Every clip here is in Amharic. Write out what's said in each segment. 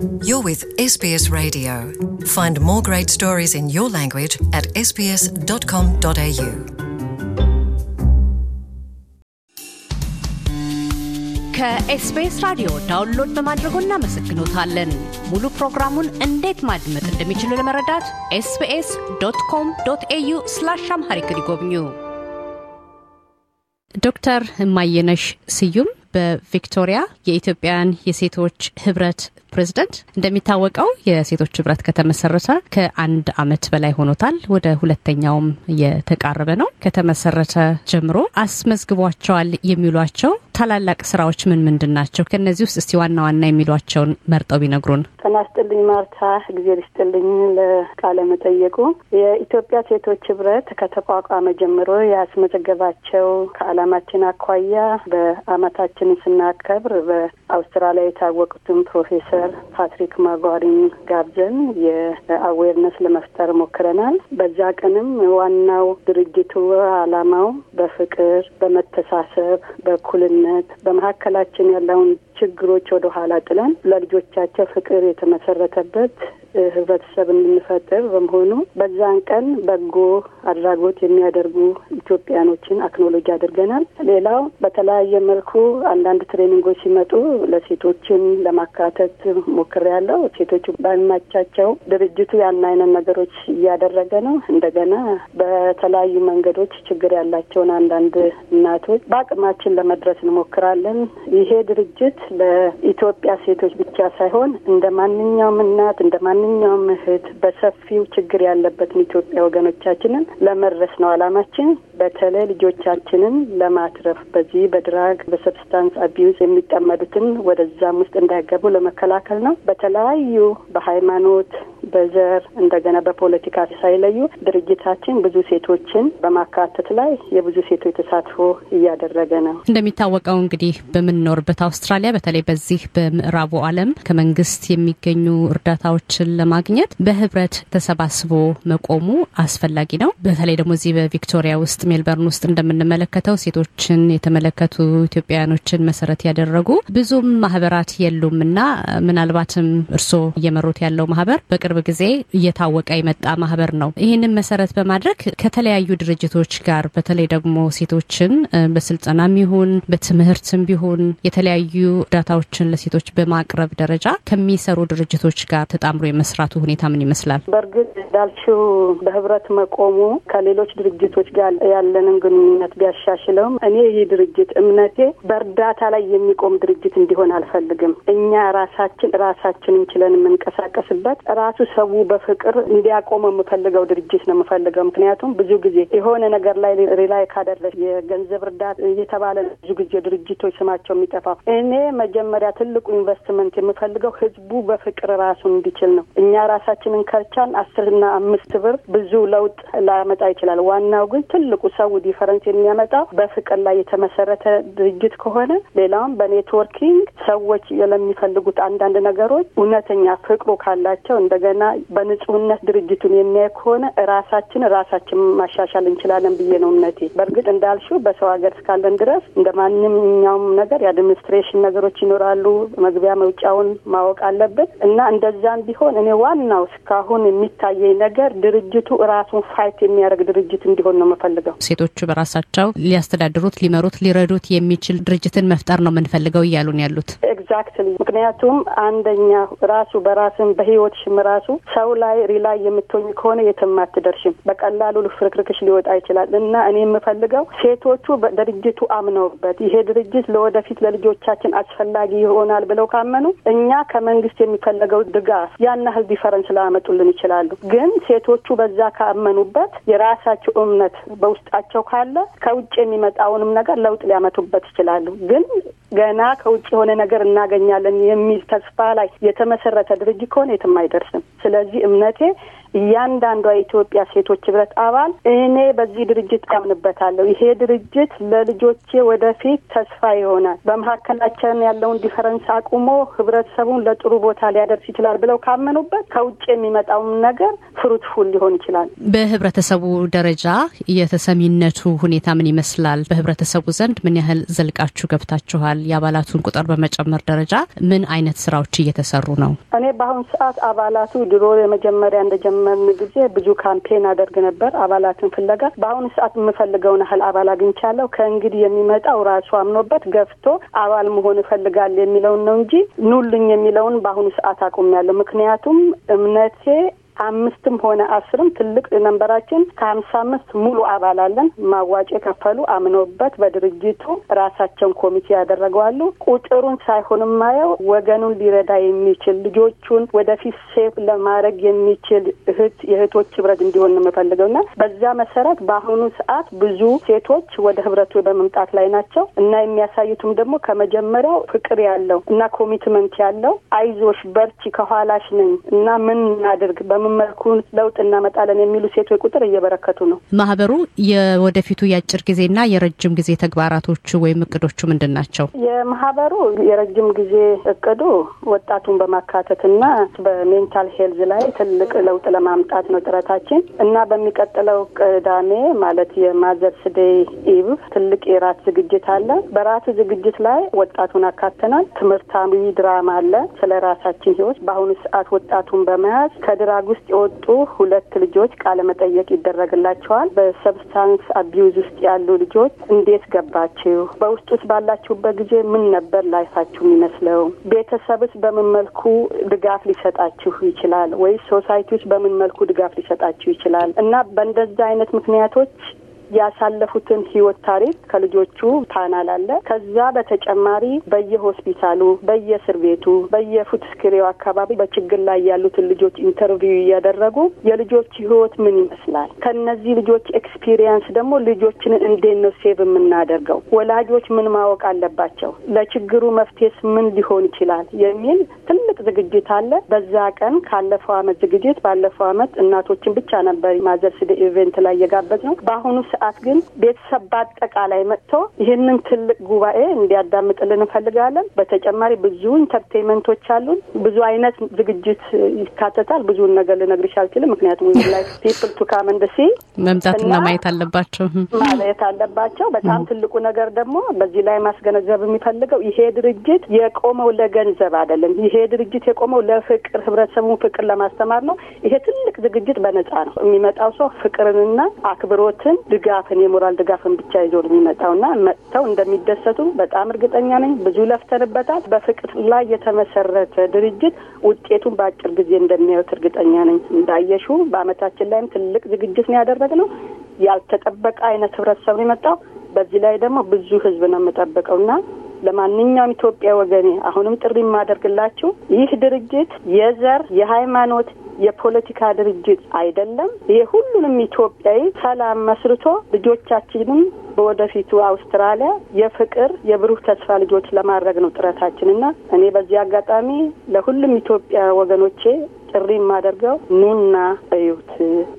You're with SBS Radio. Find more great stories in your language at sbs.com.au. ከኤስቢኤስ ራዲዮ ዳውንሎድ በማድረጎ እናመሰግኖታለን። ሙሉ ፕሮግራሙን እንዴት ማድመጥ እንደሚችሉ ለመረዳት ኤስቢኤስ ዶት ኮም ዶት ኤዩ ስላሽ አምሃሪክ ይጎብኙ። ዶክተር ማየነሽ ስዩም በቪክቶሪያ የኢትዮጵያን የሴቶች ህብረት ፕሬዚደንት። እንደሚታወቀው የሴቶች ህብረት ከተመሰረተ ከአንድ አመት በላይ ሆኖታል። ወደ ሁለተኛውም እየተቃረበ ነው። ከተመሰረተ ጀምሮ አስመዝግቧቸዋል የሚሏቸው ታላላቅ ስራዎች ምን ምንድን ናቸው? ከእነዚህ ውስጥ እስቲ ዋና ዋና የሚሏቸውን መርጠው ቢነግሩን። ጤና ይስጥልኝ ማርታ፣ እግዜር ይስጥልኝ ለቃለ መጠየቁ። የኢትዮጵያ ሴቶች ህብረት ከተቋቋመ ጀምሮ ያስመዘገባቸው ከአላማችን አኳያ በአመታችን ስናከብር በአውስትራሊያ የታወቁትን ፕሮፌሰር ፓትሪክ ማጓሪን ጋብዘን የአዌርነስ ለመፍጠር ሞክረናል። በዛ ቀንም ዋናው ድርጅቱ አላማው በፍቅር፣ በመተሳሰብ፣ በኩልነት ግንኙነት በመካከላችን ያለውን ችግሮች ወደ ኋላ ጥለን ለልጆቻቸው ፍቅር የተመሰረተበት ህብረተሰብ እንድንፈጥር በመሆኑ በዛን ቀን በጎ አድራጎት የሚያደርጉ ኢትዮጵያኖችን አክኖሎጂ አድርገናል። ሌላው በተለያየ መልኩ አንዳንድ ትሬኒንጎች ሲመጡ ለሴቶችን ለማካተት ሞክሬያለሁ። ሴቶቹ ባይመቻቸው ድርጅቱ ያን አይነት ነገሮች እያደረገ ነው። እንደገና በተለያዩ መንገዶች ችግር ያላቸውን አንዳንድ እናቶች በአቅማችን ለመድረስ እንሞክራለን። ይሄ ድርጅት ለኢትዮጵያ ሴቶች ብቻ ሳይሆን እንደ ማንኛውም እናት እንደ ማንኛውም እህት በሰፊው ችግር ያለበትን ኢትዮጵያ ወገኖቻችንን ለመድረስ ነው አላማችን። በተለይ ልጆቻችንን ለማትረፍ በዚህ በድራግ በሰብስታንስ አቢዩዝ የሚጠመዱትን ወደዛም ውስጥ እንዳይገቡ ለመከላከል ነው። በተለያዩ በሃይማኖት በዘር እንደገና በፖለቲካ ሳይለዩ ድርጅታችን ብዙ ሴቶችን በማካተት ላይ የብዙ ሴቶች ተሳትፎ እያደረገ ነው። እንደሚታወቀው እንግዲህ በምንኖርበት አውስትራሊያ በተለይ በዚህ በምዕራቡ ዓለም ከመንግስት የሚገኙ እርዳታዎችን ለማግኘት በህብረት ተሰባስቦ መቆሙ አስፈላጊ ነው። በተለይ ደግሞ እዚህ በቪክቶሪያ ውስጥ ሜልበርን ውስጥ እንደምንመለከተው ሴቶችን የተመለከቱ ኢትዮጵያውያኖችን መሰረት ያደረጉ ብዙም ማህበራት የሉም እና ምናልባትም እርስዎ እየመሩት ያለው ማህበር በቅር በቅርብ ጊዜ እየታወቀ የመጣ ማህበር ነው። ይህንን መሰረት በማድረግ ከተለያዩ ድርጅቶች ጋር በተለይ ደግሞ ሴቶችን በስልጠናም ይሁን በትምህርትም ቢሆን የተለያዩ እርዳታዎችን ለሴቶች በማቅረብ ደረጃ ከሚሰሩ ድርጅቶች ጋር ተጣምሮ የመስራቱ ሁኔታ ምን ይመስላል? በእርግጥ እንዳልሽው በህብረት መቆሙ ከሌሎች ድርጅቶች ጋር ያለንን ግንኙነት ቢያሻሽለውም እኔ ይህ ድርጅት እምነቴ በእርዳታ ላይ የሚቆም ድርጅት እንዲሆን አልፈልግም። እኛ ራሳችን ራሳችንን ችለን የምንቀሳቀስበት ራሱ ሰው በፍቅር እንዲያቆመ የምፈልገው ድርጅት ነው የምፈልገው። ምክንያቱም ብዙ ጊዜ የሆነ ነገር ላይ ሪላይ ካደረስ የገንዘብ እርዳታ እየተባለ ብዙ ጊዜ ድርጅቶች ስማቸው የሚጠፋው እኔ መጀመሪያ ትልቁ ኢንቨስትመንት የምፈልገው ህዝቡ በፍቅር ራሱን እንዲችል ነው። እኛ ራሳችንን ከርቻን አስርና አምስት ብር ብዙ ለውጥ ላመጣ ይችላል። ዋናው ግን ትልቁ ሰው ዲፈረንስ የሚያመጣ በፍቅር ላይ የተመሰረተ ድርጅት ከሆነ ሌላውም በኔትወርኪንግ ሰዎች ለሚፈልጉት አንዳንድ ነገሮች እውነተኛ ፍቅሩ ካላቸው እንደገ ብለና በንጹህነት ድርጅቱን የሚያይ ከሆነ ራሳችን ራሳችን ማሻሻል እንችላለን ብዬ ነው እምነቴ። በእርግጥ እንዳልሽው በሰው ሀገር እስካለን ድረስ እንደ ማንኛውም ነገር የአድሚኒስትሬሽን ነገሮች ይኖራሉ። መግቢያ መውጫውን ማወቅ አለብን እና እንደዛም ቢሆን እኔ ዋናው እስካሁን የሚታየኝ ነገር ድርጅቱ ራሱን ፋይት የሚያደርግ ድርጅት እንዲሆን ነው የምፈልገው። ሴቶቹ በራሳቸው ሊያስተዳድሩት፣ ሊመሩት፣ ሊረዱት የሚችል ድርጅትን መፍጠር ነው የምንፈልገው እያሉን ያሉት ኤግዛክትሊ። ምክንያቱም አንደኛ ራሱ በራስን በህይወት ሽምራ ራሱ ሰው ላይ ሪላይ የምትሆኝ ከሆነ የትም አትደርሽም። በቀላሉ ልፍርክርክሽ ሊወጣ ይችላል እና እኔ የምፈልገው ሴቶቹ በድርጅቱ አምነውበት ይሄ ድርጅት ለወደፊት ለልጆቻችን አስፈላጊ ይሆናል ብለው ካመኑ እኛ ከመንግስት የሚፈለገው ድጋፍ ያን ያህል ዲፈረንስ ላያመጡልን ይችላሉ። ግን ሴቶቹ በዛ ካመኑበት የራሳቸው እምነት በውስጣቸው ካለ ከውጭ የሚመጣውንም ነገር ለውጥ ሊያመጡበት ይችላሉ። ግን ገና ከውጭ የሆነ ነገር እናገኛለን የሚል ተስፋ ላይ የተመሰረተ ድርጅት ከሆነ የትም አይደርስም። ስለዚህ እምነቴ እያንዳንዷ የኢትዮጵያ ሴቶች ህብረት አባል እኔ በዚህ ድርጅት አምንበታለሁ ይሄ ድርጅት ለልጆቼ ወደፊት ተስፋ ይሆናል፣ በመካከላችን ያለውን ዲፈረንስ አቁሞ ህብረተሰቡን ለጥሩ ቦታ ሊያደርስ ይችላል ብለው ካመኑበት ከውጭ የሚመጣውን ነገር ፍሩትፉል ሊሆን ይችላል። በህብረተሰቡ ደረጃ የተሰሚነቱ ሁኔታ ምን ይመስላል? በህብረተሰቡ ዘንድ ምን ያህል ዘልቃችሁ ገብታችኋል? የአባላቱን ቁጥር በመጨመር ደረጃ ምን አይነት ስራዎች እየተሰሩ ነው? እኔ በአሁኑ ሰዓት አባላቱ ድሮ የመጀመሪያ እንደጀመ በጀመርን ጊዜ ብዙ ካምፔን አደርግ ነበር አባላትን ፍለጋ። በአሁኑ ሰዓት የምፈልገውን ያህል አባል አግኝቻለሁ። ከእንግዲህ የሚመጣው ራሱ አምኖበት ገፍቶ አባል መሆን እፈልጋለሁ የሚለውን ነው እንጂ ኑልኝ የሚለውን በአሁኑ ሰዓት አቁሜያለሁ። ምክንያቱም እምነቴ አምስትም ሆነ አስርም ትልቅ ነንበራችን ከሀምሳ አምስት ሙሉ አባል አለን። ማዋጭ የከፈሉ አምኖበት በድርጅቱ ራሳቸውን ኮሚቴ ያደረገዋሉ። ቁጥሩን ሳይሆን ማየው ወገኑን ሊረዳ የሚችል ልጆቹን ወደፊት ሴፍ ለማድረግ የሚችል እህት የእህቶች ህብረት እንዲሆን ነው የምፈልገው እና በዛ መሰረት በአሁኑ ሰዓት ብዙ ሴቶች ወደ ህብረቱ በመምጣት ላይ ናቸው እና የሚያሳዩትም ደግሞ ከመጀመሪያው ፍቅር ያለው እና ኮሚትመንት ያለው አይዞሽ፣ በርቺ፣ ከኋላሽ ነኝ እና ምን እናድርግ በምን በሁሉም መልኩ ለውጥ እናመጣለን የሚሉ ሴቶች ቁጥር እየበረከቱ ነው። ማህበሩ የወደፊቱ የአጭር ጊዜና የረጅም ጊዜ ተግባራቶቹ ወይም እቅዶቹ ምንድን ናቸው? የማህበሩ የረጅም ጊዜ እቅዱ ወጣቱን በማካተትና በሜንታል ሄልዝ ላይ ትልቅ ለውጥ ለማምጣት ነው ጥረታችን እና በሚቀጥለው ቅዳሜ ማለት የማዘርስ ዴይ ኢቭ ትልቅ የራት ዝግጅት አለ። በራት ዝግጅት ላይ ወጣቱን አካተናል። ትምህርታዊ ድራማ አለ ስለ ራሳችን ህይወት በአሁኑ ሰዓት ወጣቱን በመያዝ ከድራጉ ውስጥ የወጡ ሁለት ልጆች ቃለ መጠየቅ ይደረግላቸዋል። በሰብስታንስ አቢዩዝ ውስጥ ያሉ ልጆች እንዴት ገባችሁ? በውስጥ ውስጥ ባላችሁበት ጊዜ ምን ነበር ላይፋችሁ የሚመስለው? ቤተሰብስ በምን መልኩ ድጋፍ ሊሰጣችሁ ይችላል? ወይስ ሶሳይቲውስ በምን መልኩ ድጋፍ ሊሰጣችሁ ይችላል? እና በእንደዚህ አይነት ምክንያቶች ያሳለፉትን ህይወት ታሪክ ከልጆቹ ፓናል አለ። ከዛ በተጨማሪ በየሆስፒታሉ፣ በየእስር ቤቱ፣ በየፉትስክሬው አካባቢ በችግር ላይ ያሉትን ልጆች ኢንተርቪው እያደረጉ የልጆች ህይወት ምን ይመስላል፣ ከነዚህ ልጆች ኤክስፒሪየንስ ደግሞ ልጆችንን እንዴት ነው ሴቭ የምናደርገው፣ ወላጆች ምን ማወቅ አለባቸው፣ ለችግሩ መፍትሄስ ምን ሊሆን ይችላል የሚል ትልቅ ዝግጅት አለ። በዛ ቀን ካለፈው አመት ዝግጅት ባለፈው አመት እናቶችን ብቻ ነበር ማዘርስ ኢቨንት ላይ የጋበዝ ነው። በአሁኑ ሰዓት ግን ቤተሰብ በአጠቃላይ መጥቶ ይህንን ትልቅ ጉባኤ እንዲያዳምጥልን እንፈልጋለን። በተጨማሪ ብዙ ኢንተርቴንመንቶች አሉን። ብዙ አይነት ዝግጅት ይካተታል። ብዙውን ነገር ልነግርሽ አልችልም፣ ምክንያቱም ላይ ፒፕል ቱ ካም ሲ መምጣትና ማየት አለባቸው ማየት አለባቸው። በጣም ትልቁ ነገር ደግሞ በዚህ ላይ ማስገነዘብ የሚፈልገው ይሄ ድርጅት የቆመው ለገንዘብ አይደለም። ይሄ ድርጅት የቆመው ለፍቅር፣ ህብረተሰቡ ፍቅር ለማስተማር ነው። ይሄ ትልቅ ዝግጅት በነጻ ነው። የሚመጣው ሰው ፍቅርንና አክብሮትን ድጋ ድጋፍን የሞራል ድጋፍን ብቻ ይዞ የሚመጣው እና መጥተው እንደሚደሰቱ በጣም እርግጠኛ ነኝ። ብዙ ለፍተንበታል። በፍቅር ላይ የተመሰረተ ድርጅት ውጤቱን በአጭር ጊዜ እንደሚያዩት እርግጠኛ ነኝ። እንዳየሹ በአመታችን ላይም ትልቅ ዝግጅት ነው ያደረግነው። ያልተጠበቀ አይነት ህብረተሰብ ነው የመጣው። በዚህ ላይ ደግሞ ብዙ ህዝብ ነው የምጠብቀው እና ለማንኛውም ኢትዮጵያ ወገኔ አሁንም ጥሪ የማደርግላችሁ ይህ ድርጅት የዘር የሃይማኖት የፖለቲካ ድርጅት አይደለም። የሁሉንም ሁሉንም ኢትዮጵያዊ ሰላም መስርቶ ልጆቻችንም በወደፊቱ አውስትራሊያ የፍቅር የብሩህ ተስፋ ልጆች ለማድረግ ነው ጥረታችንና እኔ በዚህ አጋጣሚ ለሁሉም ኢትዮጵያ ወገኖቼ ጥሪ የማደርገው ኑና እዩት።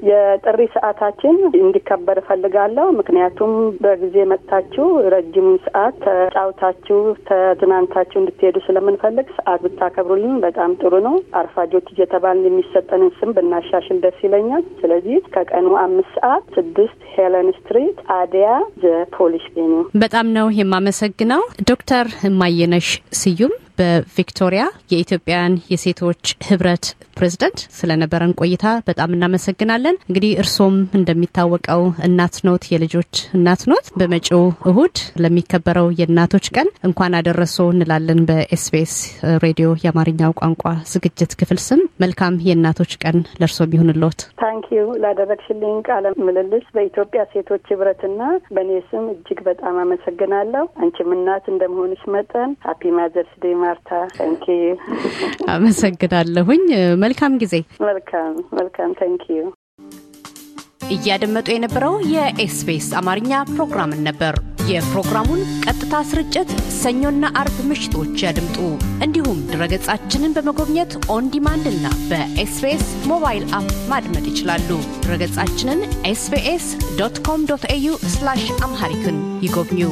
የጥሪ ሰዓታችን እንዲከበር እፈልጋለሁ። ምክንያቱም በጊዜ መጥታችሁ ረጅሙን ሰዓት ተጫውታችሁ ተዝናንታችሁ እንድትሄዱ ስለምንፈልግ ሰዓት ብታከብሩልን በጣም ጥሩ ነው። አርፋጆች እየተባልን የሚሰጠንን ስም ብናሻሽል ደስ ይለኛል። ስለዚህ ከቀኑ አምስት ሰዓት ስድስት ሄለን ስትሪት አዲያ ዘ ፖሊሽ ቤኒ። በጣም ነው የማመሰግነው ዶክተር ማየነሽ ስዩም በቪክቶሪያ የኢትዮጵያን የሴቶች ህብረት ፕሬዝደንት ስለነበረን ቆይታ በጣም እናመሰግናለን። እንግዲህ እርሶም እንደሚታወቀው እናት ኖት፣ የልጆች እናት ኖት። በመጪው እሁድ ለሚከበረው የእናቶች ቀን እንኳን አደረሶ እንላለን። በኤስቢኤስ ሬዲዮ የአማርኛው ቋንቋ ዝግጅት ክፍል ስም መልካም የእናቶች ቀን ለእርሶ ቢሆንልዎት። ታንኪዩ ላደረግሽልኝ ቃለ ምልልስ በኢትዮጵያ ሴቶች ህብረትና በእኔ ስም እጅግ በጣም አመሰግናለሁ። አንቺም እናት እንደመሆንሽ መጠን ሀፒ ማዘርስ ዴይ ማርታ ተንኪዩ አመሰግናለሁኝ። መልካም ጊዜ። መልካም መልካም ተንኪዩ። እያደመጡ የነበረው የኤስቢኤስ አማርኛ ፕሮግራምን ነበር። የፕሮግራሙን ቀጥታ ስርጭት ሰኞና አርብ ምሽቶች ያድምጡ። እንዲሁም ድረገጻችንን በመጎብኘት ኦንዲማንድ እና በኤስቢኤስ ሞባይል አፕ ማድመጥ ይችላሉ። ድረገጻችንን ኤስቢኤስ ዶት ኮም ዶት ኤዩ አምሃሪክን ይጎብኙ።